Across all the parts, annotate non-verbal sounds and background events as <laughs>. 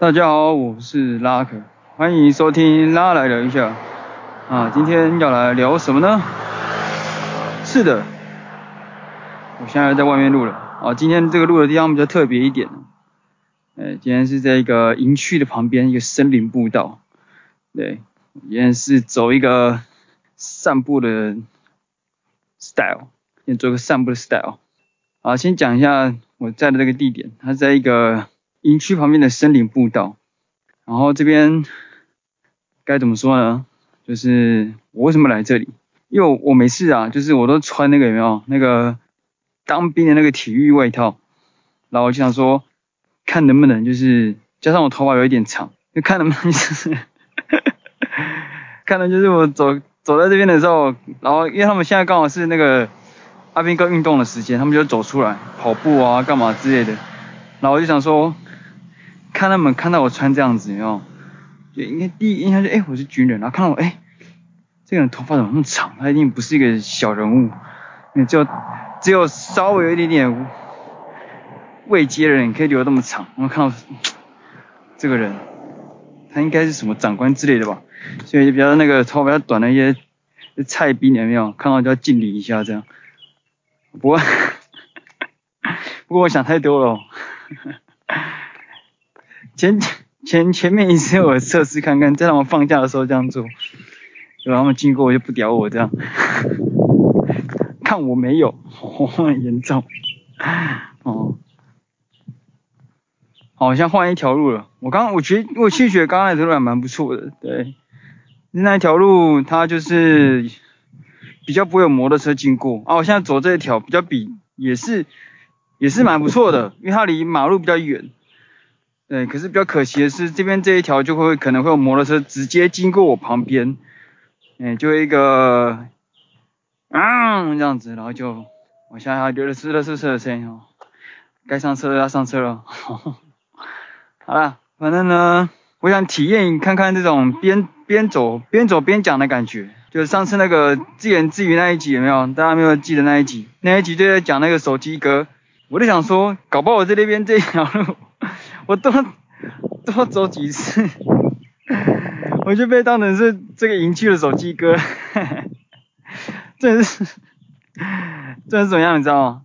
大家好，我是拉克，歡迎收聽拉來聊一下。啊，今天要來聊什麼呢？是的，我現在在外面錄了。啊，今天這個錄的地方比較特別一點。哎，今天是在一個營區的旁邊一個森林步道。對，今天是走一個散步的 style，先做個散步的 style。啊，先講一下我在的這個地點，它在一個。營區旁邊的森林步道，然後這邊該怎麼說呢？就是我為什麼來這裡？因為我沒事啊，就是我都穿那個有沒有那個當兵的那個體育外套，然後就想說看能不能就是，加上我頭髮有一點長，就看能不能就是 <laughs> 看到就是我走走在這邊的時候，然後因為他們現在剛好是那個阿兵哥運動的時間，他們就走出來跑步啊幹嘛之類的，然後我就想說。看他們看到我穿這樣子，你看，有沒有就應該第一印象就，哎、欸，我是軍人。然後看到我，哎、欸，這個人頭髮怎麼那麼長？他一定不是一個小人物，你就只，只有稍微有一點點位階的人可以留那麼長。然後看到這個人，他應該是什麼長官之類的吧？所以就比較那個頭髮比較短的一些菜兵有沒有，看到就要敬禮一下這樣。不過， <laughs> 不過我想太多了、哦。前前前面一次我測試看看，在他們放假的時候這樣做，有他們經過，我就不屌我這樣，呵呵看我沒有，嚴重哦，好像換一條路了。我剛剛我覺得我去學剛剛那條路還蠻不錯的，對，那條路它就是比較不會有摩托車經過，啊、哦，我現在走這一條比較比也是也是蠻不錯的，因為它離馬路比較遠。對，可是比較可惜的是，這邊這一條就會可能會有摩托車直接經過我旁邊，嗯，就一個嗯這樣子，然後就，我想想，覺得是的是的是？哦，該上車了要上車了。呵呵好了，反正呢，我想體驗看看這種邊邊走邊走邊講的感覺，就是上次那個自言自語那一集有沒有？大家沒有記得那一集？那一集就在講那個手機哥，我就想說，搞不好我在那邊這一條路。我多多走幾次， <laughs> 我就被當成是這個營區的手機哥，這是這是怎麼樣你知道嗎？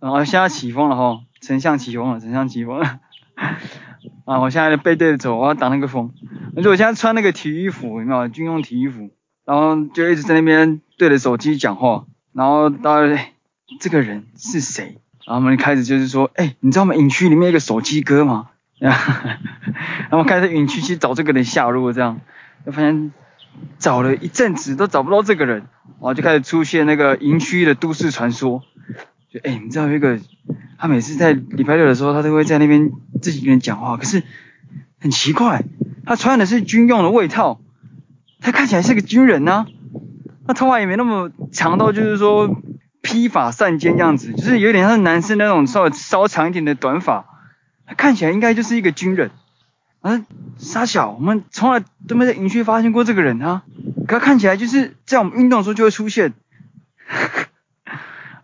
然後現在起風了哈，丞相起風了，丞相起風了。 <laughs> 啊，我現在背對着走，我要擋那個風。而且我現在穿那個體育服，你知道嗎？軍用體育服，然後就一直在那邊對着手機講話。然後到這個人是誰？然後我們開始就是說，哎，你知道我們營區裡面有個手機哥嗎？ <laughs> 然後開始營區去找這個人下落，這樣就發現找了一陣子都找不到這個人，然後就開始出現那個營區的都市傳說。就哎、欸，你知道那，這個他每次在禮拜六的時候，他都會在那邊自己跟你講話，可是很奇怪，他穿的是軍用的外套，他看起來是個軍人吶，啊，他頭髮也沒那麼長到就是說披髮散肩這樣子，就是有點像男生那種稍微稍長一點的短髮。他看起來應該就是一個軍人，嗯、啊，殺小，我們從來都沒在營區發現過這個人啊，可他看起來就是在我們運動的時候就會出現，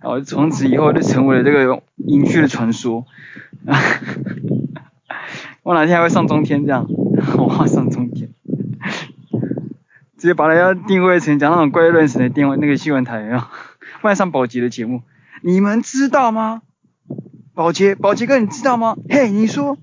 然後從此以後就成為了這個營區的傳說。我 <laughs> 哪天還會上中天這樣，我 <laughs> 上中天， <laughs> 直接把他要定位成講那種怪論神的電位那個新聞台一樣，萬 <laughs> 上保吉的節目，你們知道嗎？寶傑，寶傑哥，你知道嗎？嘿、hey,，你說，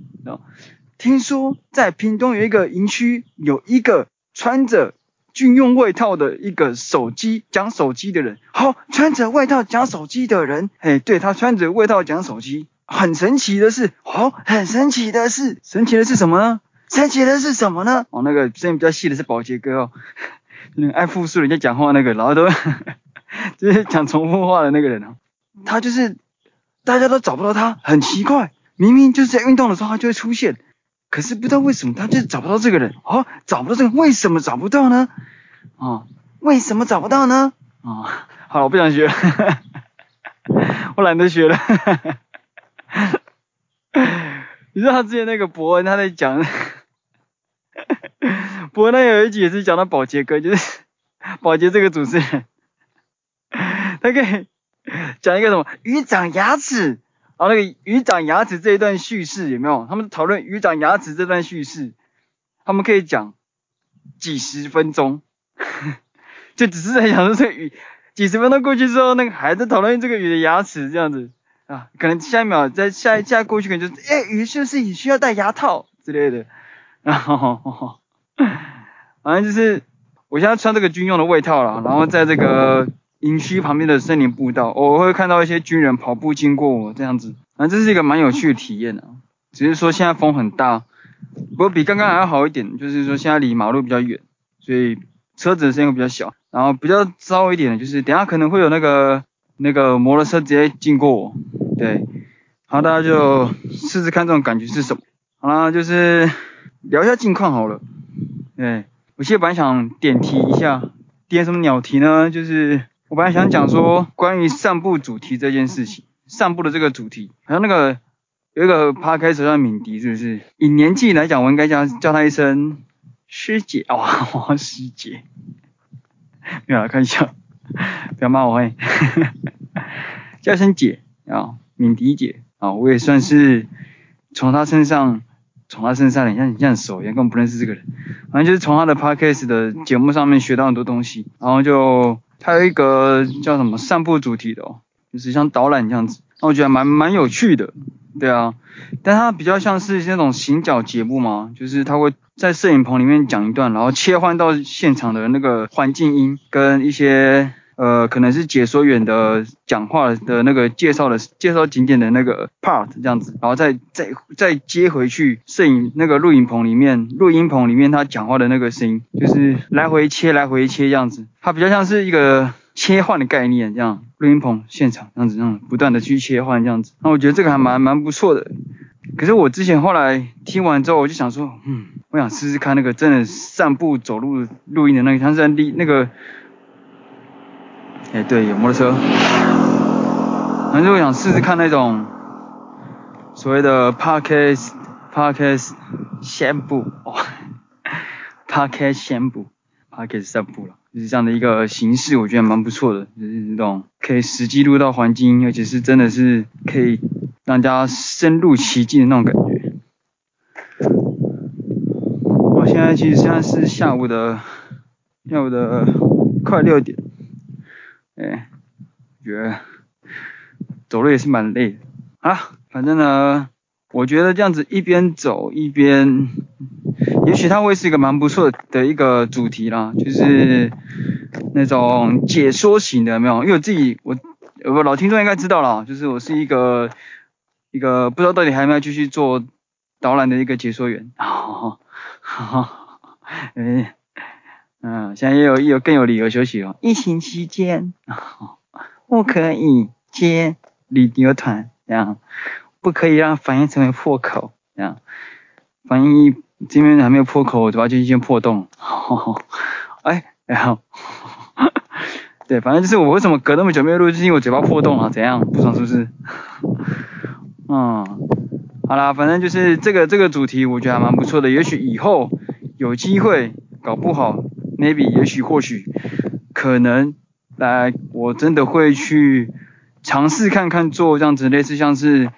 聽說在屏東有一個營區，有一個穿着軍用外套的一個手機講手機的人，好、oh,，穿着外套講手機的人，嘿、hey,，對他穿着外套講手機，很神奇的是，哦、oh,，很神奇的是，神奇的是什麼呢？神奇的是什麼呢？哦、oh,，那個聲音比較細的是寶傑哥哦， <laughs> 愛複述人家講話那個，然後都 <laughs> 就是講重複話的那個人哦、啊，他就是。大家都找不到他，很奇怪，明明就是在運動的時候他就會出現，可是不知道為什麼他就找不到這個人啊、哦，找不到這個人，為什麼找不到呢？哦，為什麼找不到呢？哦，好，我不想學了， <laughs> 我懶得學了。 <laughs> 你知道他之前那個博恩他在講， <laughs> 博恩那有一集也是講到寶傑哥，就是寶傑這個主持人，那個。講一個什麼魚長牙齒，然後那個魚長牙齒這一段敘事有沒有？他們討論魚長牙齒這段敘事，他們可以講幾十分鐘， <laughs> 就只是在想說這個魚。幾十分鐘過去之後，那個還在討論這個魚的牙齒這樣子啊，可能下一秒再下一下過去可能就是，哎、欸，魚是不是也需要戴牙套之類的？然後，呵呵呵反正就是我現在穿這個軍用的外套了，然後在這個。營區旁邊的森林步道，哦，我會看到一些軍人跑步經過我這樣子，啊，這是一個蠻有趣的體驗啊。只是說現在風很大，不過比剛剛還要好一點，就是說現在離馬路比較遠，所以車子的聲音會比較小。然後比較糟一點的就是等下可能會有那個那個摩托車直接經過我，對。好，大家就試試看這種感覺是什麼。好了，就是聊一下近況好了。哎，我現在本來想點題一下，點什麼鳥題呢？就是。我本來想講說關於散步主題這件事情，散步的這個主題，還有那個有一個 podcast 叫敏迪，是不是？以年紀來講，我應該叫叫他一聲師姐哦，哦，師姐。沒有了，看一下，不要罵我哎，叫聲姐啊，哦、敏迪姐啊、哦，我也算是從他身上，從他身上的，好像像熟也根本不認識這個人。反正就是從他的 podcast 的節目上面學到很多東西，然後就。它有一個叫什麼散步主題的哦，就是像導覽這樣子，那我覺得蠻蠻有趣的，對啊，但它比較像是那種行腳節目嘛，就是它會在攝影棚裡面講一段，然後切換到現場的那個環境音跟一些。呃，可能是解說員的講話的那個介紹的介紹景點的那個 part 這樣子，然後再再再接回去攝影那個錄影棚裡面，錄音棚裡面他講話的那個聲音，就是來回切來回切這樣子，它比較像是一個切換的概念，這樣錄音棚、現場這樣子，這樣子，不斷的去切換這樣子，那我覺得這個還蠻蠻不錯的。可是我之前後來聽完之後，我就想說，嗯，我想試試看那個真的散步走路錄音的那個，他是在那個。哎，對，有摩托車。反正我想試試看那種所謂的 Podcast Podcast 散步，Podcast 散步，Podcast 散步了，就是這樣的一個形式，我覺得蠻不錯的，就是這種可以實際錄到環境，尤其是真的是可以讓大家深入其境的那種感覺。我、哦、現在其實現在是下午的下午的快六點。哎、欸，覺得走路也是蠻累的啊。反正呢，我覺得這樣子一邊走一邊，也許它會是一個蠻不錯的一個主題啦，就是那種解說型的，沒有？因為我自己，我，我老聽眾應該知道了，就是我是一個一個不知道到底還要不要繼續做導覽的一個解說員，哈哈，哎。欸嗯、啊，現在也有也有更有理由休息哦，疫情期間， <laughs> 不可以接旅遊團，這樣不可以讓翻譯成為破口，這樣翻譯，這邊還沒有破口，我嘴巴就出現破洞。哦、哎，然、哎、後， <laughs> 對，反正就是我為什麼隔那麼久沒有錄，因為我嘴巴破洞了、啊，怎樣？不爽是不是？嗯，好啦，反正就是這個這個主題，我覺得還蠻不錯的。也許以後有機會，搞不好。Maybe 也許或許可能來，我真的會去嘗試看看做這樣子類似像是，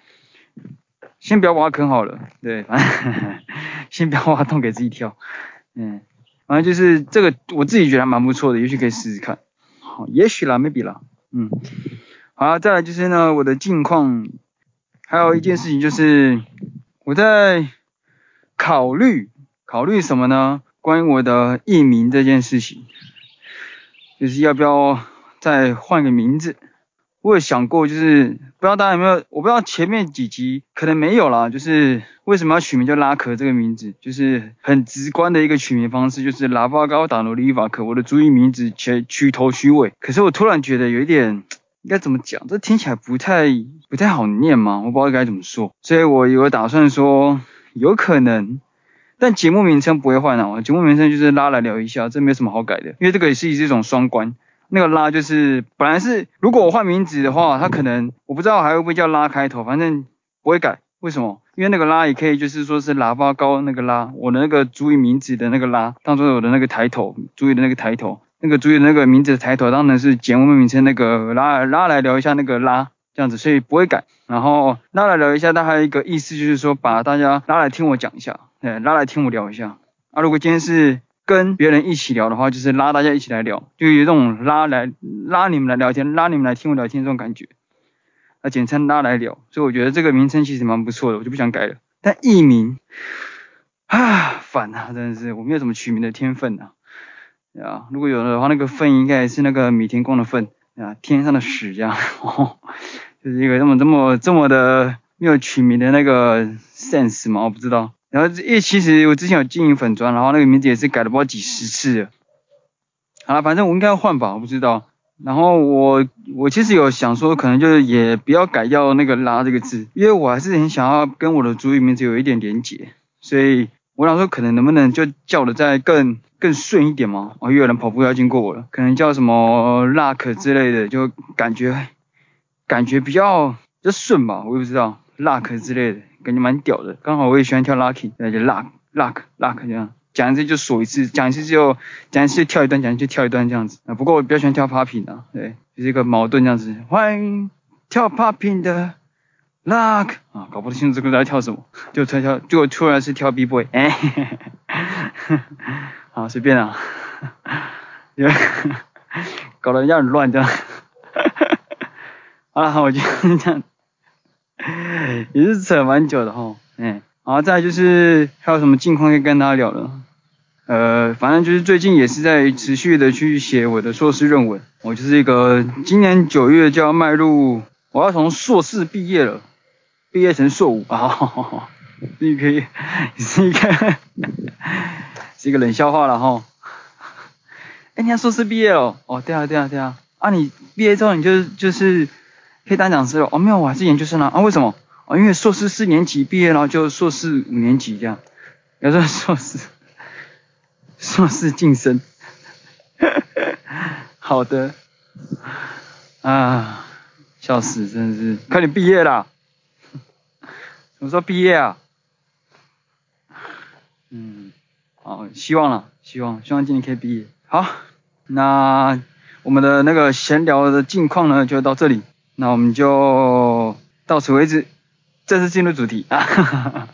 先不要挖坑好了，對，反正，先不要挖洞給自己跳，嗯，反正就是這個我自己覺得還蠻不錯的，也許可以試試看，好，也許啦，maybe 啦，嗯，好，再來就是呢我的近況，還有一件事情就是我在考慮考慮什麼呢？關於我的藝名這件事情，就是要不要再換個名字？我有想過，就是不知道大家有沒有，我不知道前面幾集可能沒有啦，就是為什麼要取名叫拉殼這個名字？就是很直觀的一個取名方式，就是喇叭高打蘿莉法克，我的主意名字取取頭取尾。可是我突然覺得有一點，應該怎麼講？這聽起來不太不太好念嘛，我不知道該怎麼說，所以我有打算說，有可能。但節目名稱不會換啊，節目名稱就是拉來聊一下，這沒什麼好改的，因為這個也是一種雙關。那個拉就是本來是如果我換名字的話，它可能我不知道還會不會叫拉開頭，反正不會改。為什麼？因為那個拉也可以就是說是喇叭高那個拉，我的那個主語名字的那個拉，當做我的那個抬頭，主語的那個抬頭，那個主語的那個名字的抬頭，當然是節目名稱那個拉，拉來聊一下那個拉這樣子，所以不會改。然後拉來聊一下，它還有一個意思就是說把大家拉來聽我講一下。對，拉來聽我聊一下。啊，如果今天是跟別人一起聊的話，就是拉大家一起來聊，就有這種拉來拉你們來聊天，拉你們來聽我聊天這種感覺。啊，簡稱拉來聊，所以我覺得這個名稱其實蠻不錯的，我就不想改了。但藝名啊，煩啊，真的是我沒有什麼取名的天分啊。啊，如果有的話，那個“糞”應該是那個米田共的“糞”啊，天上的屎這樣。 <laughs> 就是一個這麼這麼這麼的沒有取名的那個 sense 嘛，我不知道。然後，這，也其實我之前有經營粉磚，然後那個名字也是改了不知道幾十次。好了，反正我應該要換吧，我不知道。然後我我其實有想說，可能就是也不要改掉那個“拉”這個字，因為我還是很想要跟我的族語名字有一點連結。所以我想說，可能能不能就叫的再更更順一點嘛？我、哦、又有人跑步要經過我了，可能叫什麼 “luck” 之類的，就感覺感覺比較就順吧，我也不知道 “luck” 之類的。感覺蠻屌的，剛好我也喜歡跳 lucky，那、啊、就 luck luck luck 這樣講一次就數一次，講一次就講一次跳一段，講一次跳一段這樣子啊。不過我比較喜歡跳 popping 啊，對，就是一個矛盾這樣子。歡迎跳 popping 的 luck 啊，搞不清楚這個在跳什麼，就突然跳，就突然是跳 b boy，哈、欸、 <laughs> 好隨便啊，搞得人家很亂的讓人亂掉，哈哈，好了，我就這樣。也是扯蠻久的哈、哦，嗯，然後再就是還有什麼近況可以跟大家聊了，呃，反正就是最近也是在持續的去寫我的碩士論文，我就是一個今年九月就要邁入我要從碩士畢業了，畢業成碩五啊，你可以，你是一個是一個冷笑話了哈、哦，哎，你要碩士畢業了，哦對啊對啊對啊，啊你畢業之後你就就是。可以講師哦？沒有，我還是研究生呢啊，啊？為什麼？啊、哦，因為碩士四年級畢業，然後就碩士五年級這樣，叫做碩士碩士晉升。 <laughs> 好的啊，笑死，真的是快點畢業啦。怎麼說畢業啊，嗯，哦，希望了，希望希望今年可以畢業。好，那我們的那個閒聊的近況呢，就到這裡。那我們就到此為止，正式進入主題啊。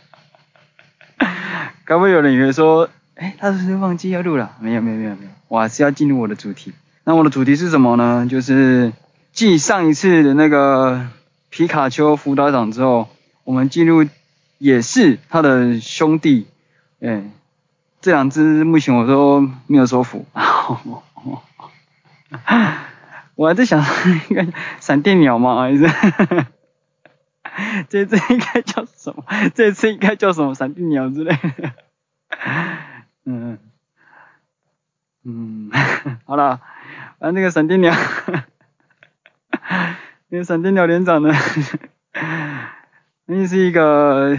剛剛有人以為說，哎、欸，他是不是忘記要錄了？沒有沒有沒有沒有，我還是要進入我的主題。那我的主題是什麼呢？就是繼上一次的那個皮卡丘輔導長之後，我們進入也是他的兄弟。哎、欸，這兩只目前我都沒有收服。 <laughs> 我還在想應該閃電鳥嘛，還是？ <laughs> 這這應該叫什麼？這次應該叫什麼？閃電鳥之類。 <laughs> 嗯嗯，好了，啊那個閃電鳥，那個閃電鳥連長呢？ <laughs> 那是一個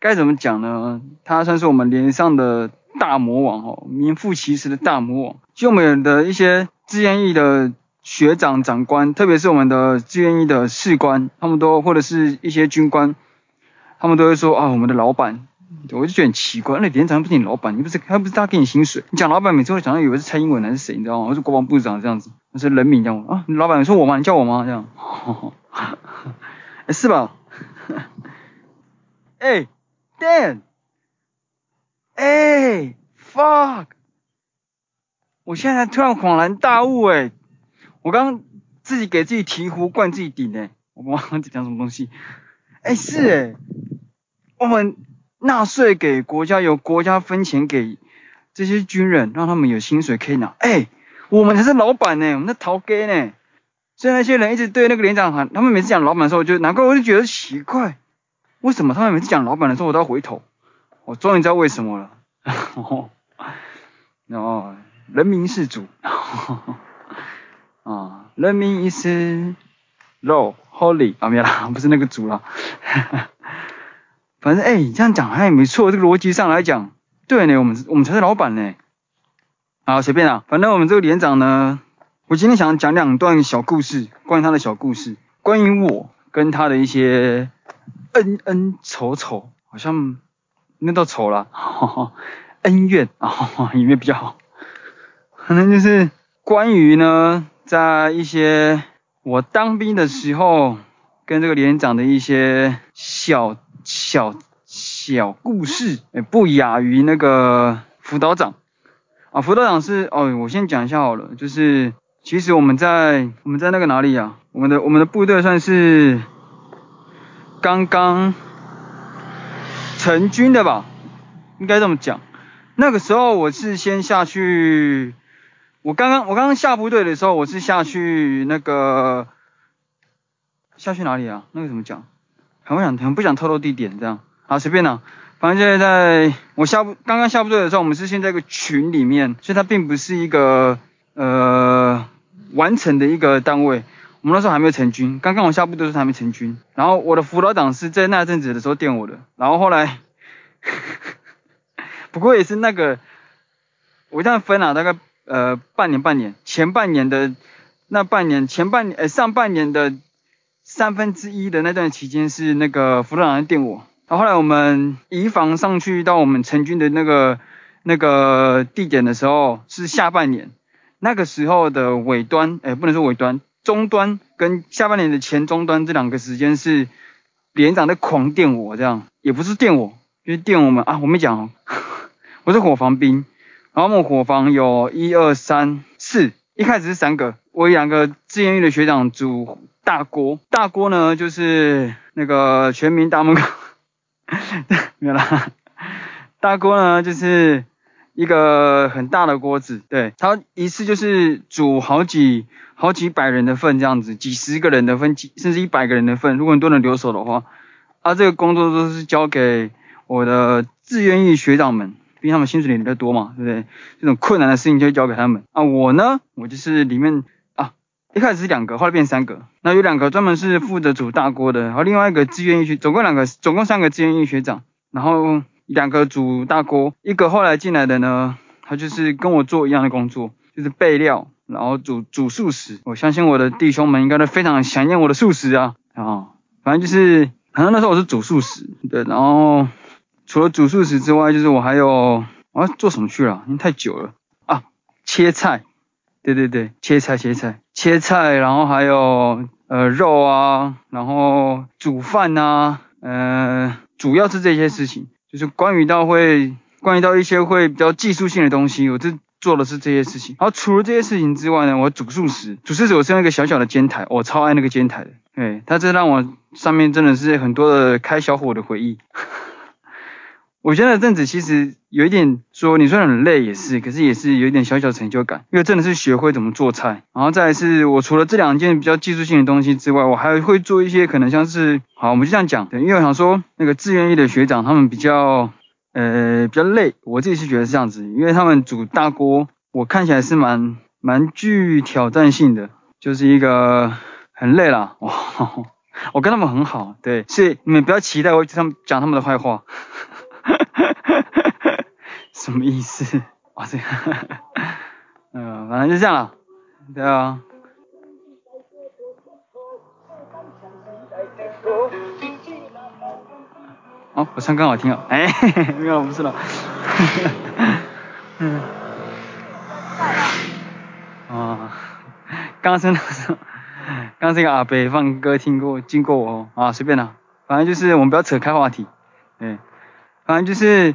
該怎麼講呢？他算是我們連上的大魔王哦，名副其實的大魔王。就我們的一些志願役的，學長、長官，特別是我們的志願役的士官，他們都或者是一些軍官，他們都會說啊，我們的老板，我就覺得很奇怪，那你連長不是你老板，你不是他不是他給你薪水，你講老板每次會講到以為是蔡英文還是誰你知道嗎？還是國防部長這樣子，那是人名這樣，啊，你老板說我嗎？你叫我嗎這樣、 <laughs> 欸？是吧？哎、 <laughs> 欸、，Damn，哎、欸、，fuck，我現在突然恍然大悟、欸，哎。我剛剛自己給自己醍醐灌自己頂呢，我剛剛講什麼東西？哎，是哎，哦、我們納稅給國家，由國家分錢給這些軍人，讓他們有薪水可以拿。哎，我們才是老闆呢，我們是頭家呢。所以那些人一直對那個連長喊，他們每次講老闆的時候就，就難怪我就覺得奇怪，為什麼他們每次講老闆的時候，我都要回頭？我終於知道為什麼了。哦、然後人民是主。哦啊，人民是 low holy 啊，沒啦，不是那個主啦。哈 <laughs> 哈，反正哎，這樣講還沒錯，這個邏輯上來講，對呢，我們我們才是老闆呢。好、啊，隨便啦、啊，反正我們這個連長呢，我今天想講兩段小故事，關於他的小故事，關於我跟他的一些恩恩仇仇，好像那倒醜了，呵呵恩怨啊，哈哈裡面比較好，可能就是關於呢。在一些我當兵的時候，跟這個連長的一些小小小小故事，不亞於那個輔導長啊，輔導長是，哦，我先講一下好了，就是其實我們在我們在那個哪裡呀、啊？我們的我們的部隊算是剛剛成軍的吧，應該這麼講。那個時候我是先下去。我剛剛我剛剛下部隊的時候，我是下去那個下去哪裡啊？那個怎麼講？很不想很不想透露地點這樣。好，隨便了、啊。反正現在我下部剛剛下部隊的時候，我們是現在一個群裡面，所以它並不是一個呃完成的一個單位。我們那時候還沒有成軍，剛剛我下部隊的時候還沒成軍。然後我的輔導長是在那一陣子的時候電我的，然後後來不過也是那個我一旦分了、啊、大概。呃，半年半年，前半年的那半年前半呃上半年的三分之一的那段期間是那個副連長在電我，然後後來我們移防上去到我們成軍的那個那個地點的時候是下半年，那個時候的尾端哎不能說尾端，中端跟下半年的前中端這兩個時間是連長在狂電我這樣，也不是電我，就是電我們啊我沒講、哦，呵呵，我是伙房兵。然後我們伙房有一二三四，一開始是三個，我兩個志願役的學長煮大鍋，大鍋呢就是那個全民大悶鍋， <laughs> 沒有啦。大鍋呢就是一個很大的鍋子，對，他一次就是煮好幾好幾百人的份這樣子，幾十個人的份，甚至一百個人的份，如果你都能留守的話，啊，這個工作都是交給我的志願役學長們。比他們薪水領得多嘛，對不對？這種困難的事情就交給他們啊。我呢，我就是裡面啊，一開始是兩個，後來變三個。那有兩個專門是負責煮大鍋的，然後另外一個志願役，總共兩個，總共三個志願役學長，然後兩個煮大鍋，一個後來進來的呢，他就是跟我做一樣的工作，就是備料，然後煮煮素食。我相信我的弟兄們應該都非常想念我的素食啊啊！反正就是，反正那時候我是煮素食，對，然後。除了煮素食之外，就是我還有啊，做什麼去了啊？因為太久了啊！切菜，對對對，切菜切菜切菜，然後還有呃肉啊，然後煮飯啊，嗯，呃，主要是這些事情，就是關於到會關於到一些會比較技術性的東西，我這做的是這些事情。然後除了這些事情之外呢，我煮素食，煮素食我是用一個小小的煎台，我超愛那個煎台，對，它這讓我上面真的是很多的開小火的回憶。我現在這樣子其實有一點說，你說很累也是，可是也是有一點小小成就感，因為真的是學會怎麼做菜。然後再來是，我除了這兩件比較技術性的東西之外，我還會做一些可能像是，好，我們就這樣講。因為我想說，那個志願役的學長他們比較，呃，比較累，我自己是覺得是這樣子，因為他們煮大鍋，我看起來是蠻蠻具挑戰性的，就是一個很累啦。我跟他們很好，對，所以你們不要期待我講他們的壞話。哈哈哈哈， <laughs> 什麼意思？啊、哦、這樣。嗯、呃，反正就這樣了，對啊。哦，我唱歌好聽哦，哎，沒有了，不是的，嗯。哦、呃，剛生的時候，剛升啊，阿伯放歌聽過，經過我哦，啊，隨便了，反正就是我們不要扯開話題，嗯。反正就是，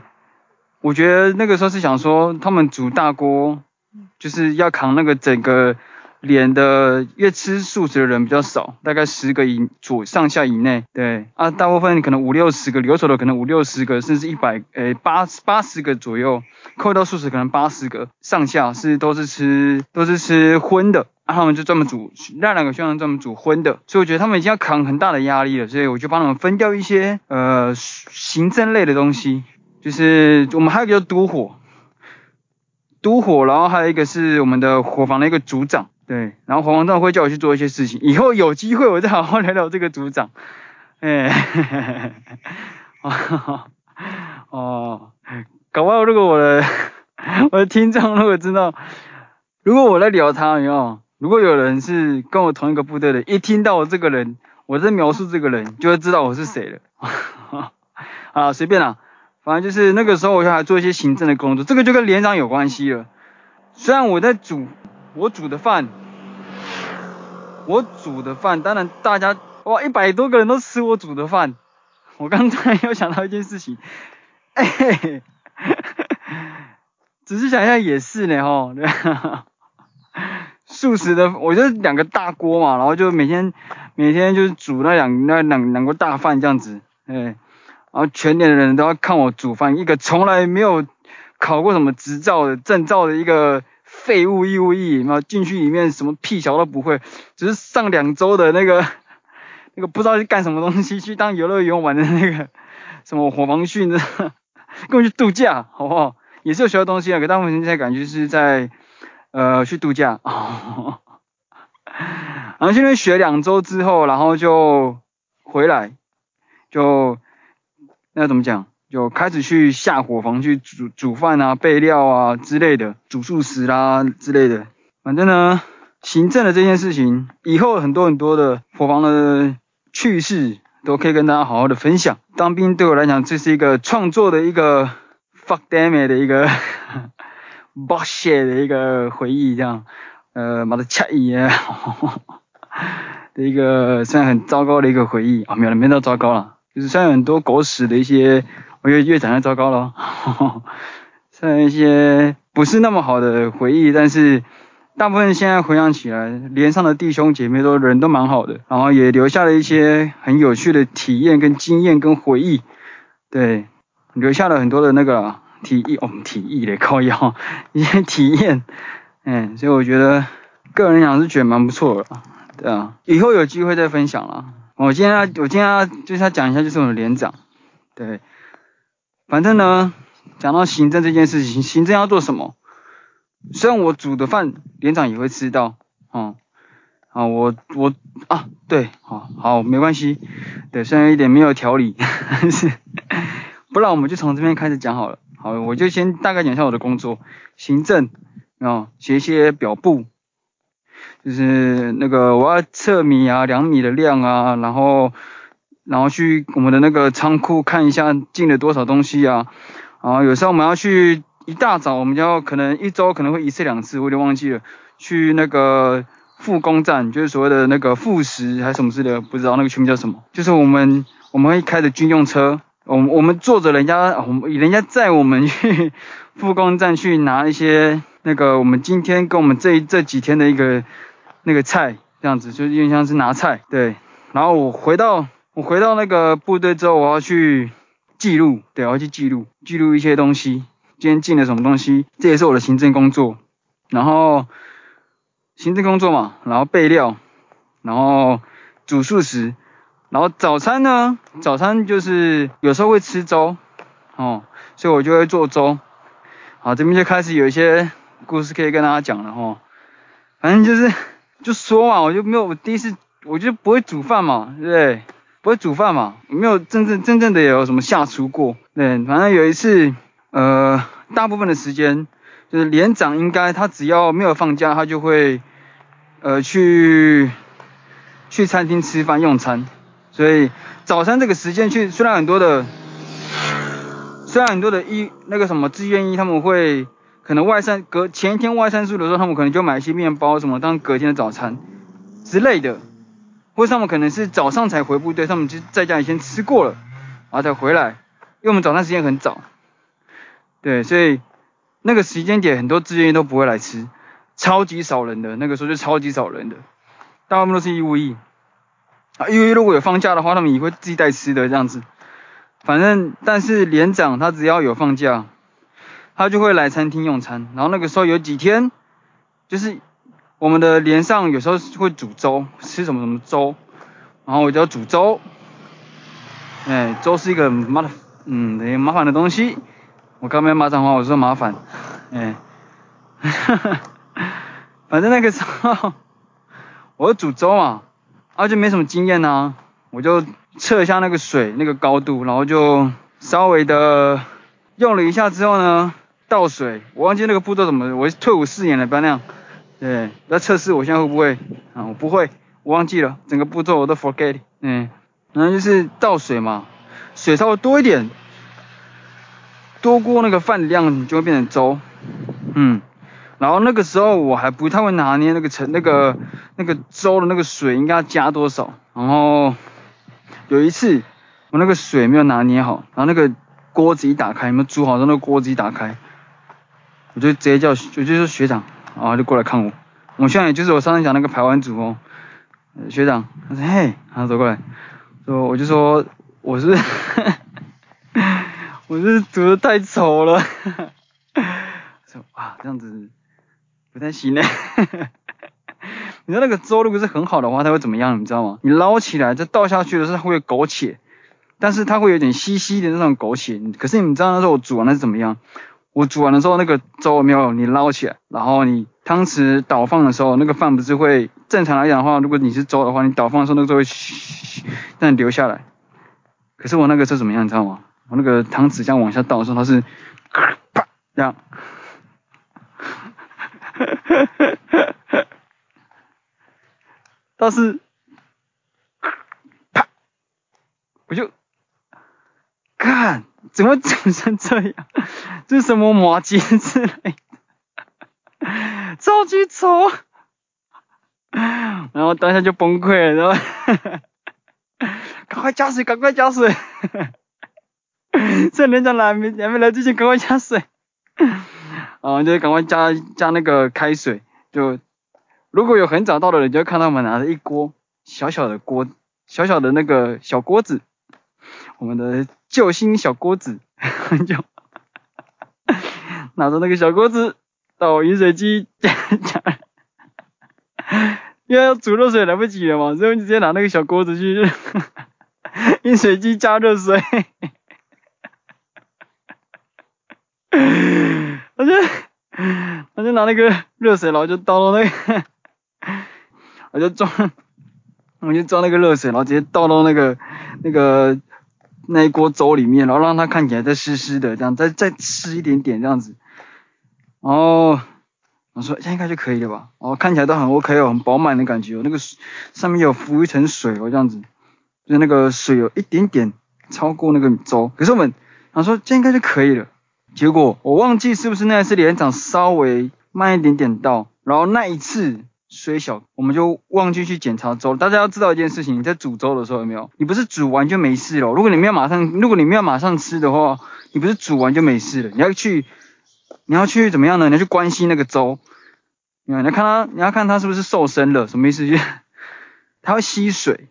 我覺得那個時候是想說，他們煮大鍋，就是要扛那個整個。連的越吃素食的人比較少，大概十個以左上下以內，對啊，大部分可能五六十個，留守的可能五六十個，甚至一百，誒、欸、八八十個左右，扣掉素食可能八十個上下是都是吃都是吃葷的，啊，他們就專門煮那兩個學弟專門煮葷的，所以我覺得他們已經要扛很大的壓力了，所以我就幫他們分掉一些呃行政類的東西，就是我們還有一個叫督伙，督伙，然後還有一個是我們的伙房的一個組長。對，然後黃王壯會叫我去做一些事情，以後有機會我再好好聊聊這個組長。哎，哈哈，哦，搞不好如果我的我的聽眾如果知道，如果我在聊他，你知道嗎？如果有人是跟我同一個部隊的，一聽到我這個人，我在描述這個人，就會知道我是誰了。啊、哦，隨便啦，反正就是那個時候，我就還做一些行政的工作，這個就跟連長有關係了。雖然我在組。我煮的飯，我煮的飯，當然大家哇，一百多個人都吃我煮的飯。我剛才又想到一件事情，嘿、欸、嘿。只是想想也是呢，吼，素食、啊、的，我就是兩個大鍋嘛，然後就每天每天就是煮那兩那兩兩鍋大飯這樣子，哎，然後全連的人都要看我煮飯，一個從來沒有考過什麼執照的證照的一個。廢物義烏義，然後進去裡面什麼屁橋都不會，只是上兩週的那個那個不知道是幹什麼東西，去當遊樂園玩的那個什麼伙房訓跟我去度假好不好？也是有學到東西啊，可大部分人家感覺是在呃去度假，哦、然後現在學兩週之後，然後就回來就那要怎麼講？就開始去下伙房去煮煮飯啊、備料啊之類的，煮素食啦、啊、之類的。反正呢，行政的這件事情，以後很多很多的伙房的趣事都可以跟大家好好的分享。當兵對我來講，這是一個創作的一個 fuck dammit 的一個 bullshit <laughs> 的一個回憶，這樣呃，冇得吃煙啊的一個，雖然很糟糕的一個回憶啊，沒了沒那麼糟糕了，就是雖然很多狗屎的一些。越越講越糟糕了，哈哈，雖然一些不是那麼好的回憶，但是大部分現在回想起來，連上的弟兄姐妹都人都蠻好的，然後也留下了一些很有趣的體驗跟經驗跟回憶，對，留下了很多的那個體驗哦，體驗的靠腰一些體驗，嗯，所以我覺得個人講是覺得蠻不錯的，對啊，以後有機會再分享了，我今天要我今天要就想、是、講一下就是我們連長，對。反正呢，講到行政這件事情，行，行政要做什麼？雖然我煮的飯連長也會吃到，啊、嗯，啊，我我啊，對，好好，沒關係，對，雖然有點沒有條理，但是，不然我們就從這邊開始講好了。好，我就先大概講一下我的工作，行政啊、嗯，寫一些表簿，就是那個我要測米啊，兩米的量啊，然後。然後去我們的那個倉庫看一下進了多少東西啊，然，啊，然後有時候我們要去一大早，我們就要可能一周可能會一次兩次，我就忘記了，去那個副供站，就是所謂的那個副食還是什麼之類的，不知道那個全名叫什麼，就是我們我們會開着軍用車，我我們坐着人家，我們人家載我們去副供站去拿一些那個我們今天跟我們這這幾天的一個那個菜，這樣子就是印象是拿菜，對，然後我回到。我回到那個部隊之後，我要去記錄，對，我要去記錄，記錄一些東西。今天進了什麼東西？這也是我的行政工作。然後行政工作嘛，然後備料，然後煮素食，然後早餐呢？早餐就是有時候會吃粥，哦，所以我就會做粥。好，這邊就開始有一些故事可以跟大家講了哦。反正就是就說嘛，我就沒有，我第一次我就不會煮飯嘛，對不對？不會煮飯嘛，沒有真正真正的有什麼下廚過。對，反正有一次，呃，大部分的時間就是連長應該他只要沒有放假，他就會呃去去餐廳吃飯用餐。所以早餐這個時間去，雖然很多的，雖然很多的役那個什麼志願役他們會可能外宿隔前一天外宿的時候，他們可能就買一些麵包什麼當隔天的早餐之類的。不過他們可能是早上才回部隊，他們就在家已經吃過了，然後才回來。因為我們早餐時間很早，對，所以那個時間點很多志願役都不會來吃，超級少人的，那個時候就超級少人的，大部分都是義務役啊，義務役如果有放假的話，他們也會自己帶吃的這樣子。反正，但是連長他只要有放假，他就會來餐廳用餐。然後那個時候有幾天，就是。我們的連上有時候會煮粥，吃什麼什麼粥，然後我就要煮粥。哎，粥是一個麻煩，嗯，麻煩的東西。我剛沒罵髒話我說麻煩。哎，哈哈，反正那個時候，我煮粥嘛，而、啊、且沒什麼經驗呢、啊，我就測一下那個水那個高度，然後就稍微的用了一下之後呢，倒水，我忘記那個步驟怎麼，我退伍四年了，不要那樣。對，要測試我現在會不會啊？我不會，我忘記了整個步驟我都 forget。嗯，然後就是倒水嘛，水稍微多,多一點，多過那個飯量就會變成粥。嗯，然後那個時候我還不太會拿捏那個盛，那個那個粥的那個水應該要加多少。然後有一次我那個水沒有拿捏好，然後那個鍋子一打開，有沒有煮好，然後那個鍋子一打開，我就直接叫，我就是學長。然後、啊、就過來看我，我現在就是我上次講那個排灣組哦，呃、學長他說嘿，然、啊、後走過來，說我就說我是 <laughs> 我是煮得太醜了， <laughs> 說哇、啊、這樣子不太行嘞， <laughs> 你知道那個粥如果是很好的話，它會怎麼樣你知道嗎？你撈起來再倒下去的時候它會有勾芡，但是它會有點稀稀的那種勾芡，可是你知道那時候我煮完了是怎麼樣？我煮完的時候，那個粥沒有你撈起來，然後你湯匙倒放的時候，那個飯不是會正常來講的話，如果你是粥的話，你倒放的時候那個粥會但流下來。可是我那個粥怎麼樣，你知道嗎？我那個湯匙這樣往下倒的時候，它是啪這樣，但是啪我就。看，怎麼整成這樣？這是什麼麻糬之類的？超級醜！然後當下就崩潰了，然後。呵呵趕快加水，趕快加水！這人家來沒來？沒來之前，趕快加水。啊，就趕快加加那個開水。就如果有很早到的人，就看到我們拿着一鍋小小的鍋，小小的那個小鍋子。我們的救星小鍋子，就拿着那個小鍋子到飲水機加，因為煮熱水來不及了嘛，然後直接拿那個小鍋子去飲水機加熱水，我就我就拿那個熱水，然後就倒到那個，我就裝我就裝那個熱水，然後直接倒到那個那個。那一鍋粥裡面，然後讓它看起來再濕濕的，這樣再再吃一點點這樣子。然後我說這樣應該就可以了吧？然後看起來都很 OK 哦，很飽滿的感覺哦，那個水，上面有浮一層水哦，這樣子，就那個水有一點點超過那個粥。可是我們，他說這樣應該就可以了。結果我忘記是不是那一次連長稍微慢一點點到，然後那一次。水小，我們就忘記去檢查粥。大家要知道一件事情，你在煮粥的時候有沒有？你不是煮完就沒事了？如果你沒有馬上，如果你沒有馬上吃的話，你不是煮完就沒事了？你要去，你要去怎麼樣呢？你要去關心那個粥，你要你要看他，你要看他是不是瘦身了，什麼意思？就它會吸水，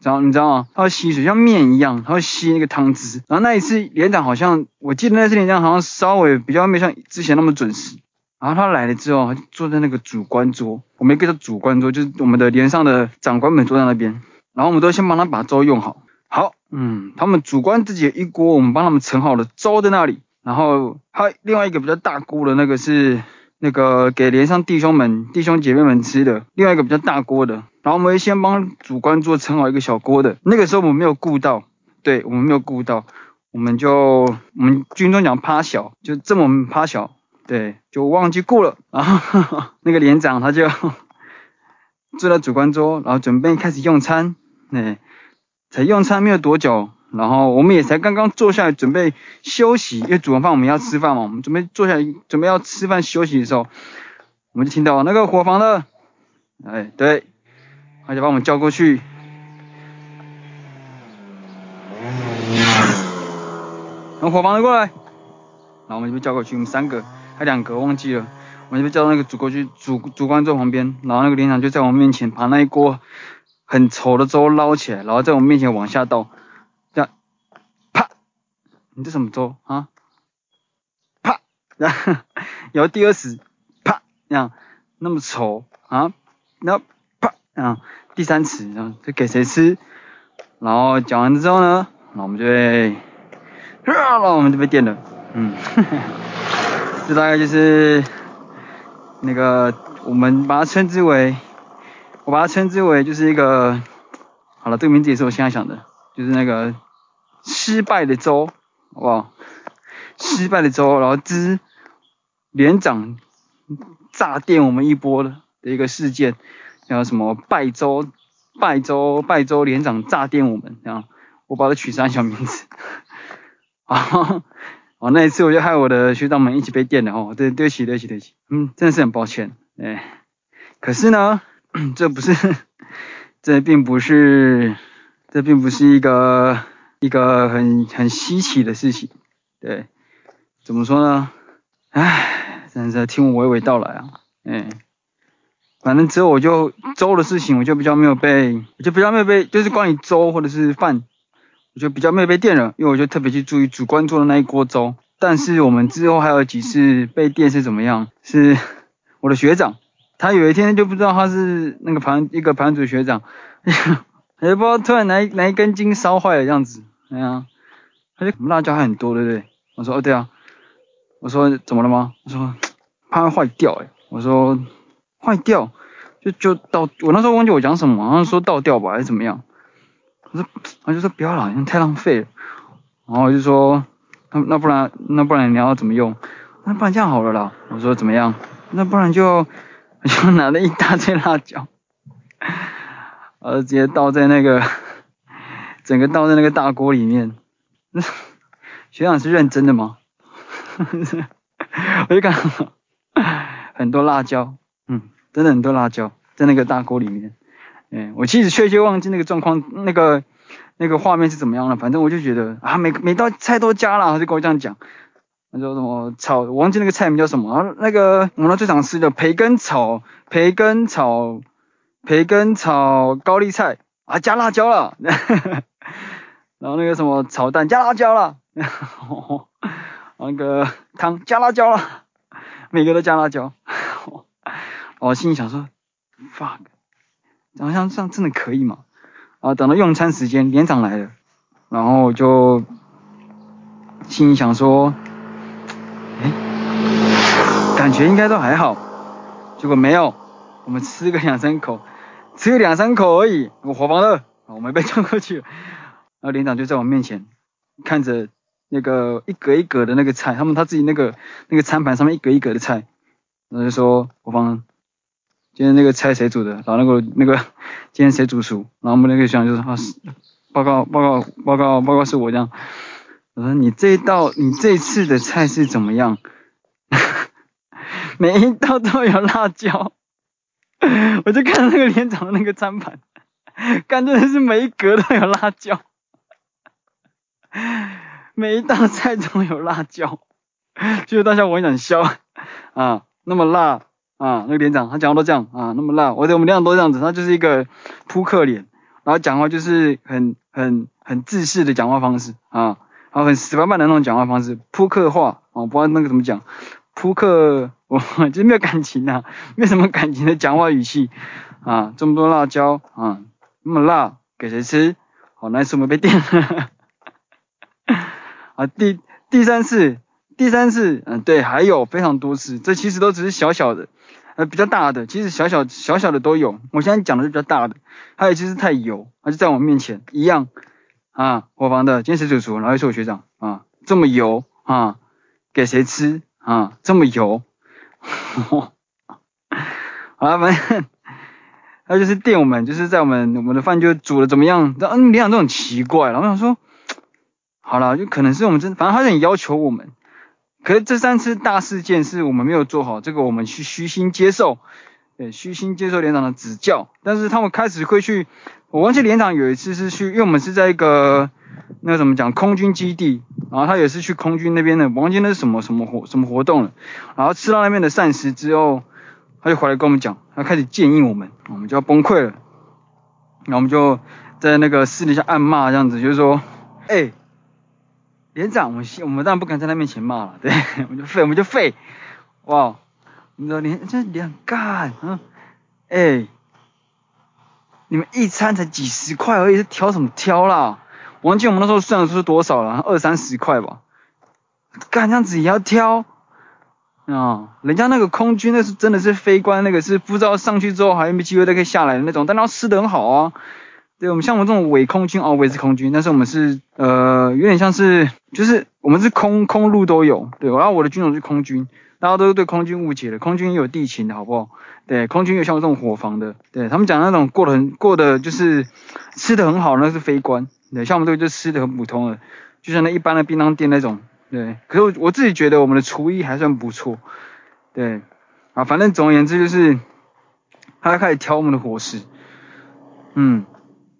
然後你知道嗎？它會吸水，像麵一樣，它會吸那個湯汁。然後那一次連長好像，我記得那次連長好像稍微比較沒像之前那麼準時。然後他來了之後，坐在那個主官桌，我們一個主官桌就是我們的連上的長官們坐在那邊，然後我們都先幫他把粥用好。好，嗯，他們主官自己的一鍋，我們幫他們盛好了粥在那裡。然後，還另外一個比較大鍋的那個是那個給連上弟兄們、弟兄姐妹們吃的。另外一個比較大鍋的，然後我們先幫主官桌盛好一個小鍋的。那個時候我們沒有顧到，對，我們沒有顧到，我們就我們軍中講趴小，就這麼趴小。對，就忘記過了，然後呵呵那個連長他就呵呵坐在主官桌，然後準備開始用餐。那、哎、才用餐沒有多久，然後我們也才剛剛坐下來準備休息，因為煮完飯我們要吃飯嘛，我們準備坐下來準備要吃飯休息的時候，我們就聽到那個伙房的，哎對，他就把我們叫過去，從伙房的過來，然後我們就被叫過去，我們三個。啊、兩格忘記了，我們就被叫到那個煮鍋去，主主觀粥旁邊，然後那個連長就在我們面前把那一鍋很稠的粥撈起來，然後在我們面前往下倒，這樣，啪，你這什麼粥啊？啪，然、啊、後第二次，啪，這樣那麼稠啊？那啪，這、啊、樣第三次，這給誰吃？然後講完之後呢，那我們就被，然後、啊、我們就被電了，嗯。呵呵這大概就是那個我們把它稱之為，我把它稱之為就是一個，好了，這個名字也是我現在想的，就是那個失敗的州，好不好？失敗的州，然後之連長炸電我們一波的的一個事件，叫什麼敗州敗州敗州連長炸電我們，這樣，我把它取三小名字，啊。哦，那一次我就害我的學長們一起被電了哦，對，對不起對不起對不起，嗯，真的是很抱歉，哎，可是呢，這不是，這並不是，這並不是一個一個很很稀奇的事情，對，怎麼說呢？哎，真的是聽我娓娓道來啊，哎，反正之後我就粥的事情我就比較沒有被，我就比較沒有被，就是關於粥或者是飯。我就比較沒有被電了，因為我就特別去注意主觀做的那一鍋粥。但是我們之後還有幾次被電是怎麼樣？是我的學長，他有一天就不知道他是那個盤一個盤主學長，也、哎、不知道突然哪一，哪一根筋燒壞了這樣子。哎呀，他就辣椒還很多，對不對？我說哦對啊，我說怎麼了嗎？我說怕壞、欸、壞掉，誒我說壞掉就就倒，我那時候忘記我講什麼，好像說倒掉吧，還是怎麼樣？我說，我就說不要了，因為太浪費了。然後我就說，那那不然，那不然你要怎麼用？那不然這樣好了啦。我說怎麼樣？那不然就就拿了一大堆辣椒，呃，直接倒在那個，整個倒在那個大鍋裡面。學長是認真的嗎？我就感覺很多辣椒，嗯，真的很多辣椒在那個大鍋裡面。嗯，我其實確切忘記那個狀況，那個那個畫面是怎麼樣了，反正我就覺得啊，每每道菜都加了，他就跟我這樣講。那叫什麼炒，忘記那個菜名叫什麼。啊、那個我們最常吃的培根炒，培根炒，培根炒高麗菜啊，加辣椒了。 <laughs> 然後那個什麼炒蛋加辣椒了。 <laughs> 那個湯加辣椒了，每個都加辣椒。 <laughs> 我心裡想說，fuck。然後像這樣真的可以嗎？啊，等到用餐時間，連長來了，然後就心裡想說，哎、欸，感覺應該都還好，結果沒有，我們吃個兩三口，吃個兩三口而已。我伙房了，我沒被撞過去然後、啊、連長就在我面前看着那個一格一格的那個菜，他們他自己那個那個餐盤上面一格一格的菜，然後就說伙房，今天那個菜誰煮的？然後那個那個今天誰煮熟？然後我們那個班長就說、啊：“報告報告報告報告是我這樣。我說你一：“你這道你這次的菜是怎麼樣？ <laughs> 每一道都有辣椒。 <laughs> ”我就看那個連長的那個餐盤，感覺是每一格都有辣椒， <laughs> 每一道菜都有辣椒，就 <laughs> 是大家我很想笑啊，那麼辣。啊，那個連長他講話都這樣啊，那麼辣，而且我們連長都這樣子，他就是一個撲克臉，然後講話就是很很很自私的講話方式啊，然後很死板板的那種講話方式，撲克話啊，不知道那個怎麼講，撲克，我就是、沒有感情啊，沒什麼感情的講話語氣啊，這麼多辣椒啊，那麼辣，給誰吃？好，難受，我們被電了，啊， <laughs> 第第三次。第三次，嗯，對，還有非常多次，這其實都只是小小的，呃，比較大的，其實小小小小的都有。我現在講的是比較大的，還有就是太油，而、啊、且在我們面前一樣啊，伙房的，今天誰主廚，然後又是我學長啊，這麼油啊，給誰吃啊，這麼油，啊給誰吃啊、這麼油 <laughs> 好了，反正還有就是電我們，就是在我們我們的飯就煮的怎麼樣，然後連長都很奇怪，然後我想說，好了，就可能是我們真，反正他是很要求我們。可是這三次大事件是我們沒有做好，這個我們去虛心接受，對，虛心接受連長的指教。但是他們開始會去，我忘記連長有一次是去，因為我們是在一個那個怎麼講，空軍基地，然後他也是去空軍那邊的，王軍那是什麼什麼活什麼活動了，然後吃到那邊的膳食之後，他就回來跟我們講，他開始建議我們，我們就要崩潰了，那我們就在那個私底下暗罵這樣子，就是說，哎。連長，我們現我們當然不敢在他面前罵了，對，我們就廢，我們就廢，哇，你說連這連幹，嗯，誒，你們一餐才幾十塊而已，是挑什麼挑啦？忘記我們那時候算的是多少了，二三十塊吧，幹這樣子也要挑啊、嗯？人家那個空軍那是真的是飛官，那個是不知道上去之後還有沒機會再可以下來的那種，但然後吃的很好啊。對我們像我們這種偽空軍哦，偽是空軍，但是我們是呃，有點像是，就是我們是空空陸，都有。對，然後我的軍種是空軍，大家都是對空軍誤解了，空軍也有地勤的，好不好？對，空軍也有像我這種伙房的。對他們講的那種過的很過的就是吃的很好，那是飛官。對，像我們這個就吃的很普通的，就像那一般的便當店那種。對，可是我我自己覺得我們的廚藝還算不錯。對，啊，反正總而言之就是他在開始挑我們的伙食，嗯。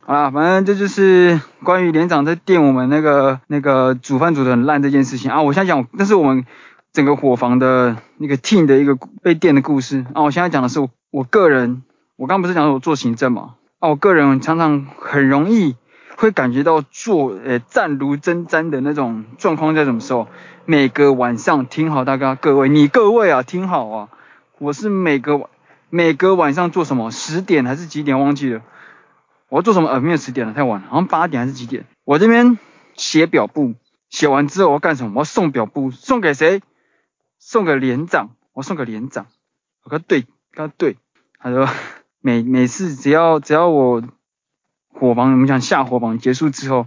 啊，反正這就是關於連長在電我們那個那個煮飯煮得很爛這件事情啊。我現在講，那是我們整個伙房的那個 team 的一個被電的故事啊。我現在講的是我我個人，我剛剛不是講我做行政嘛啊。我個人常常很容易會感覺到做誒坐如針氈的那種狀況，在什麼時候？每個晚上聽好，大家各位你各位啊聽好啊，我是每個每個晚上做什麼？十點還是幾點？忘記了。我要做什麼？呃、沒有，十點了？太晚了，好像八點還是幾點？我這邊寫表布，寫完之後我要幹什麼？我要送表布，送給誰？送給連長。我送給連長。我跟他對，跟他對。他說每每次只要只要我伙房，我們講下伙房結束之後，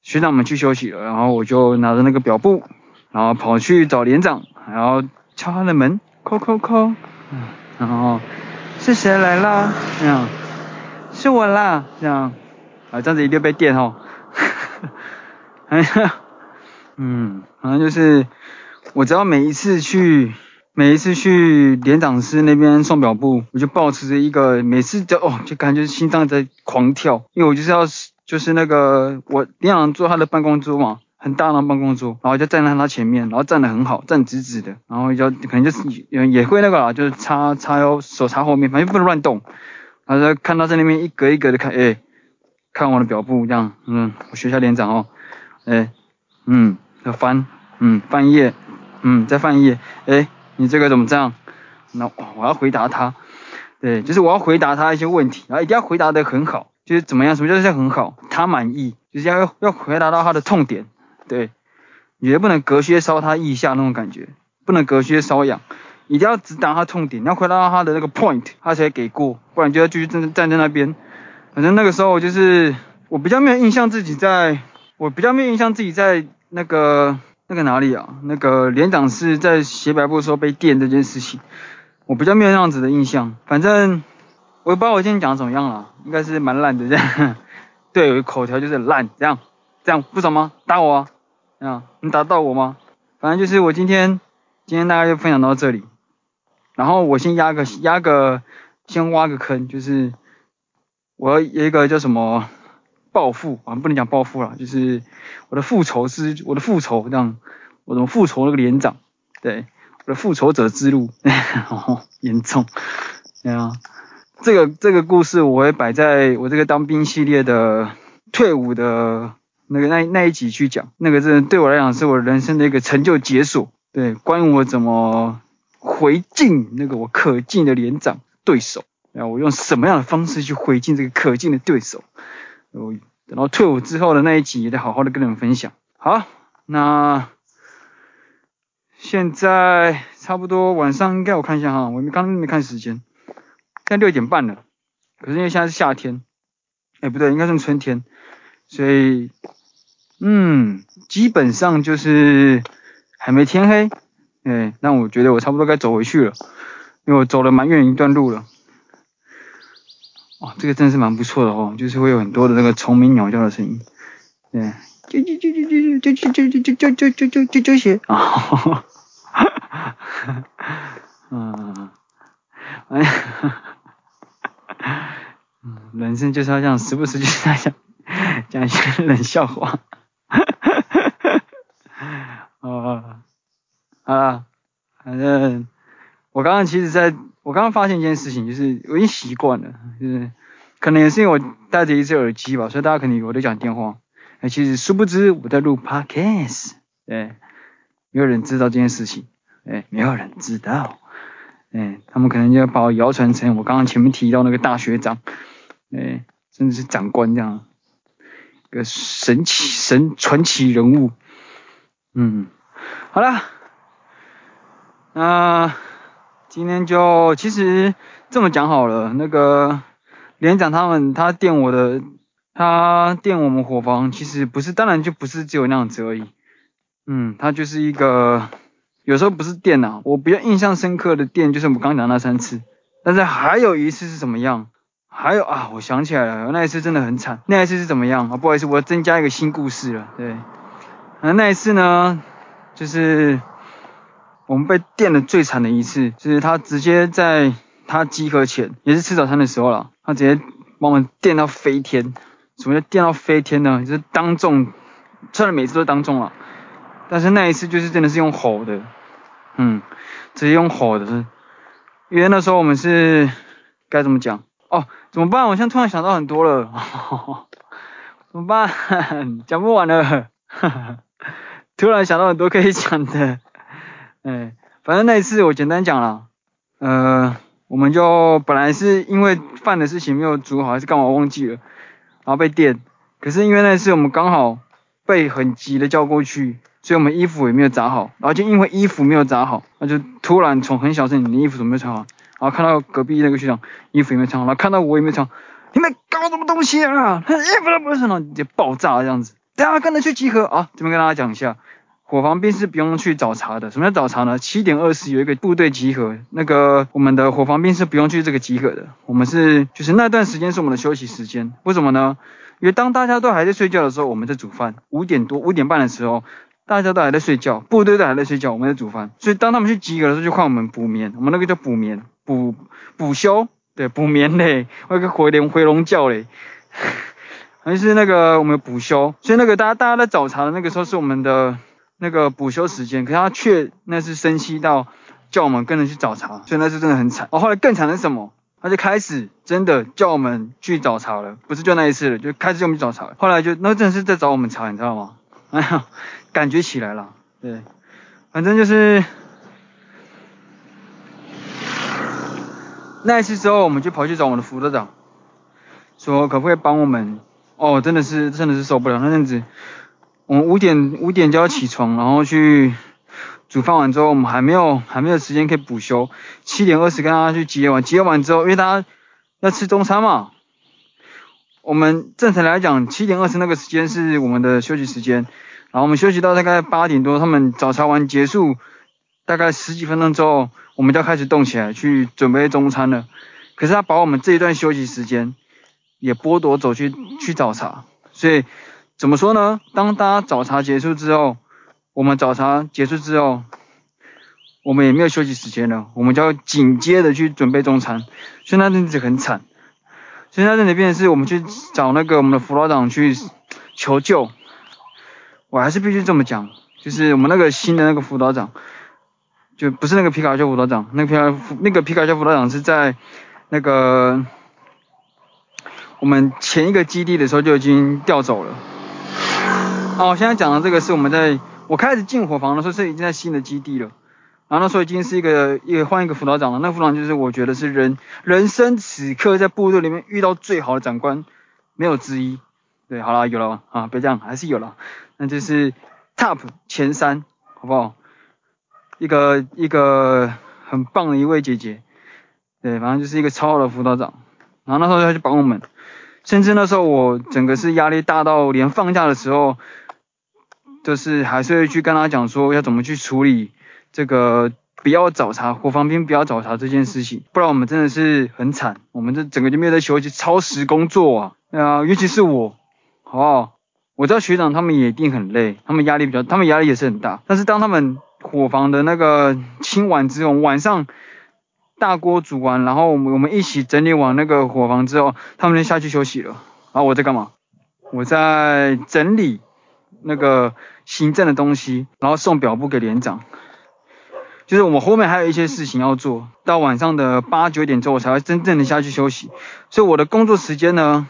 學長們去休息了，然後我就拿着那個表布，然後跑去找連長，然後敲他的門，扣扣扣嗯，然後是誰來啦？嗯、啊。是我啦，這樣啊，這樣子一定被電吼，呀、哦， <laughs> 嗯，反正就是我只要每一次去，每一次去連長室那邊送表布，我就保持着一個每一次就哦，就感覺心臟在狂跳，因為我就是要就是那個我連長坐他的辦公桌嘛，很大的辦公桌，然後就站在他前面，然後站得很好，站直直的，然後就可能就是也也會那個啊，就是插插腰，手插後面，反正不能亂動。他在看，到這裡面一格一格的看，哎，看我的表布這樣，嗯，我學校連長哦，哎，嗯，要翻，嗯，翻頁，嗯，再翻頁，哎，你這個怎麼這樣？那我要回答他，對，就是我要回答他一些問題，然後一定要回答得很好，就是怎麼樣，什麼叫很好？他滿意，就是要要回答到他的痛點，對，絕不能隔靴搔他一下那種感覺，不能隔靴搔癢。一定要直達他痛點，你要回到他的那個 point，他才給過，不然就要繼續站站在那邊。反正那個時候我就是我比較沒有印象自己在，我比較沒有印象自己在那個那個哪裡啊？那個連長是在寫白布的時候被電這件事情，我比較沒有這樣子的印象。反正我也不知道我今天講的怎麼樣了，應該是蠻爛的這樣。對，我口條就是爛這樣，這樣不爽嗎？打我啊！啊，你打得到我嗎？反正就是我今天今天大概就分享到這裡。然後我先壓個壓個，先挖個坑，就是我要有一個叫什麼，報復啊，不能講報復了，就是我的復仇之，我的復仇這樣，我的復仇那個連長，對，我的復仇者之路，哦，嚴重，對啊，這個這個故事我會擺在我這個當兵系列的退伍的那個那那一集去講，那個是對我來講是我人生的一個成就解鎖，對，關於我怎麼。回敬那個我可敬的連長對手啊，然後我用什麼樣的方式去回敬這個可敬的對手？我等到退伍之後的那一集也得好好的跟你們分享。好，那現在差不多晚上應該我看一下哈，我剛剛沒看時間，現在六點半了。可是因為現在是夏天，哎不對，應該是春天，所以嗯，基本上就是還沒天黑。對，那我覺得我差不多該走回去了，因為我走了蠻遠一段路了。哇，這個真是蠻不錯的哦，就是會有很多的那個蟲鳴鳥叫的聲音。對，就就就就就就就就就就就就就就些。啊哈哈，哈哈，嗯嗯嗯，哎，哈哈，嗯，人生就是要這樣，時不時就講講講一些冷笑話。哈，哈哈哈哈哈，哦。啊，反正我剛剛其實在我剛剛發現一件事情，就是我已經習慣了，就是可能也是因為我戴着一只耳機吧，所以大家肯定我都講電話，哎，其實殊不知我在錄 podcast，哎，沒有人知道這件事情，哎，沒有人知道，哎，他們可能就要把我謠傳成我剛剛前面提到那個大學長，哎，甚至是長官這樣，一個神奇神傳奇人物，嗯，好了。那、呃、今天就其實這麼講好了。那個連長他們他電我的，他電我們伙房，其實不是，當然就不是只有那樣子而已。嗯，他就是一個有時候不是電啊，我比較印象深刻的電就是我們剛講的那三次，但是還有一次是怎麼樣？還有啊，我想起來了，那一次真的很慘。那一次是怎麼樣？啊，不好意思，我要增加一個新故事了。對，那、啊、那一次呢，就是。我們被電的最慘的一次，就是他直接在他集合前，也是吃早餐的時候了，他直接把我們電到飛天。什麼叫電到飛天呢？就是當眾，雖然每次都當眾了，但是那一次就是真的是用吼的，嗯，直接用吼的是。因為那的時候我們是該怎麼講？哦，怎麼辦？我現在突然想到很多了，呵呵呵怎麼辦？講不完了呵呵，突然想到很多可以講的。哎，反正那一次我簡單講了，呃，我們就本來是因為飯的事情沒有煮好，還是幹嘛忘記了，然後被電。可是因為那次我們剛好被很急的叫過去，所以我們衣服也沒有扎好，然後就因為衣服沒有扎好，那就突然從很小聲，你的衣服怎麼沒有穿好，然後看到隔壁那個學長衣服也沒穿好，然後看到我也沒穿，你們搞什麼東西啊？衣服都不穿了，直接就爆炸這樣子，大家跟着去集合啊！這邊跟大家講一下。伙房兵是不用去早茶的。什麼叫早茶呢？七點二十有一個部隊集合，那個我們的伙房兵是不用去這個集合的。我們是就是那段時間是我們的休息時間。為什麼呢？因為當大家都還在睡覺的時候，我們在煮飯。五點多五點半的時候，大家都還在睡覺，部隊都還在睡覺，我們在煮飯。所以當他們去集合的時候，就換我們補眠。我們那個叫補眠，補補休，對，補眠嘞，那個回籠回籠覺嘞， <laughs> 還是那個我們補休。所以那個大家大家在早茶的那個時候是我們的那個補休時間，可是他卻那次生氣到叫我們跟着去找茬，所以那次真的很慘。哦，後來更慘的是什麼？他就開始真的叫我們去找茬了，不是就那一次了，就開始叫我們去找茬。後來就那真的是在找我們茬，你知道嗎？哎呀，感覺起來了，對，反正就是那一次之後，我們就跑去找我們的副隊長，說可不可以幫我們？哦，真的是真的是受不了那陣子。我們五點五點就要起床，然後去煮飯完之後，我們還沒有還沒有時間可以補休。七點二十跟他去接完，接完之後因為大家要吃中餐嘛，我們正常來講七點二十那個時間是我們的休息時間，然後我們休息到大概八點多，他們早茶完結束大概十幾分鐘之後，我們就要開始動起來去準備中餐了。可是他把我們這一段休息時間也剝奪走去去早茶，所以。怎麼說呢？當大家早茶結束之後，我們早茶結束之後，我們也沒有休息時間了，我們就要緊接着去準備中餐，所以那陣子很慘。所以那陣子變成是，我們去找那個我們的輔導長去求救。我還是必須這麼講，就是我們那個新的那個輔導長，就不是那個皮卡丘輔導長，那個皮卡那個皮卡丘輔導長是在那個我們前一個基地的時候就已經調走了。好、哦，現在講的這個是我們在，我開始進伙房的時候是已經在新的基地了，然後那時候已經是一個，也換一個輔導長了。那輔導長就是我覺得是人人生此刻在部隊裡面遇到最好的長官，沒有之一。對，好了，有了啊，別這樣，還是有了，那就是 top 前三，好不好？一個一個很棒的一位姐姐，對，反正就是一個超好的輔導長。然後那時候他去幫我們，甚至那時候我整個是壓力大到連放假的時候。就是還是會去跟他講說要怎麼去處理這個不要找茬，伙房兵不要找茬這件事情，不然我們真的是很慘，我們這整個就沒有在休息，超時工作啊！啊、呃，尤其是我，好不好，我知道學長他們也一定很累，他們壓力比較，他們壓力也是很大。但是當他們伙房的那個清完之後，晚上大鍋煮完，然後我們我們一起整理完那個伙房之後，他們就下去休息了。然後我在幹嘛？我在整理那個行政的東西，然後送表簿給連長。就是我們後面還有一些事情要做，到晚上的八九點之後我才會真正的下去休息。所以我的工作時間呢，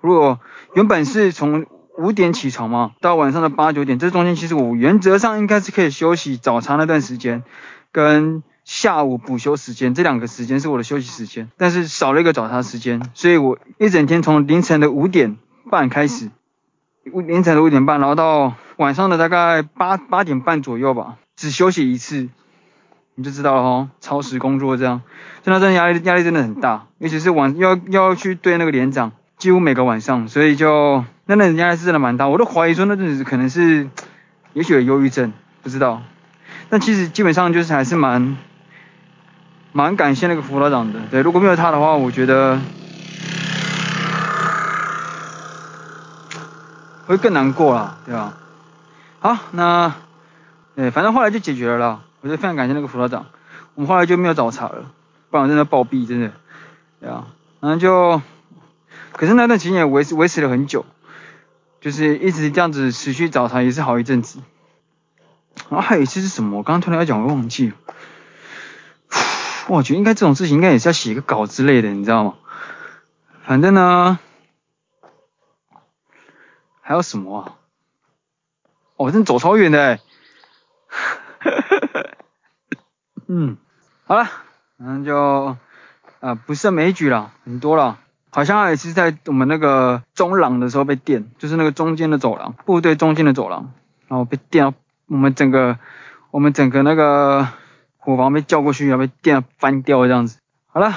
如果原本是從五點起床嘛，到晚上的八九點，這中間其實我原則上應該是可以休息早茶那段時間，跟下午補休時間這兩個時間是我的休息時間，但是少了一個早茶時間，所以我一整天從凌晨的五點半開始。五點整到五點半，然後到晚上的大概八八點半左右吧，只休息一次，你就知道了哈、哦。超時工作這樣，真的真的壓力壓力真的很大，尤其是晚要要去對那個連長，幾乎每個晚上，所以就那陣子壓力是真的蠻大，我都懷疑說那陣子可能是也許有憂鬱症，不知道。但其實基本上就是還是蠻蠻感謝那個輔導長的，對，如果沒有他的話，我覺得。會更難過了，對吧？好，那，誒反正後來就解決了啦。我就非常感謝那個輔導長，我們後來就沒有找茬了，不然真的暴斃，真的，對啊。然後就，可是那段情也維持維持了很久，就是一直這樣子持續找茬也是好一陣子。然後還有一次是什麼？我剛剛突然要講，我忘記。我覺得應該這種事情應該也是要寫個稿之類的，你知道嗎？反正呢。還有什麼啊？哦，這走超遠的。 <laughs> 嗯，好了，反正就啊、呃、不勝枚舉了，很多了。好像也是在我們那個中廊的時候被電，就是那個中間的走廊，部隊中間的走廊，然後被電我們整個我們整個那個伙房被叫過去，要被電翻掉這樣子。好了，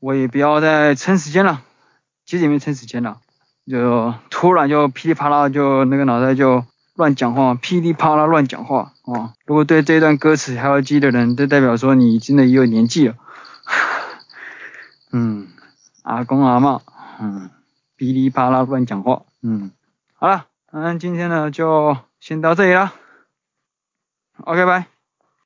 我也不要再撐時間了，其實也沒撐時間了。就突然就噼里啪啦，就那個腦袋就亂講話，噼里啪啦亂講話啊！如果對這段歌詞還要記得人，就代表說你真的也有年紀了。嗯，阿公阿嬤，嗯，噼里啪啦亂講話，嗯，好了，嗯，今天呢就先到這裡了。OK，拜。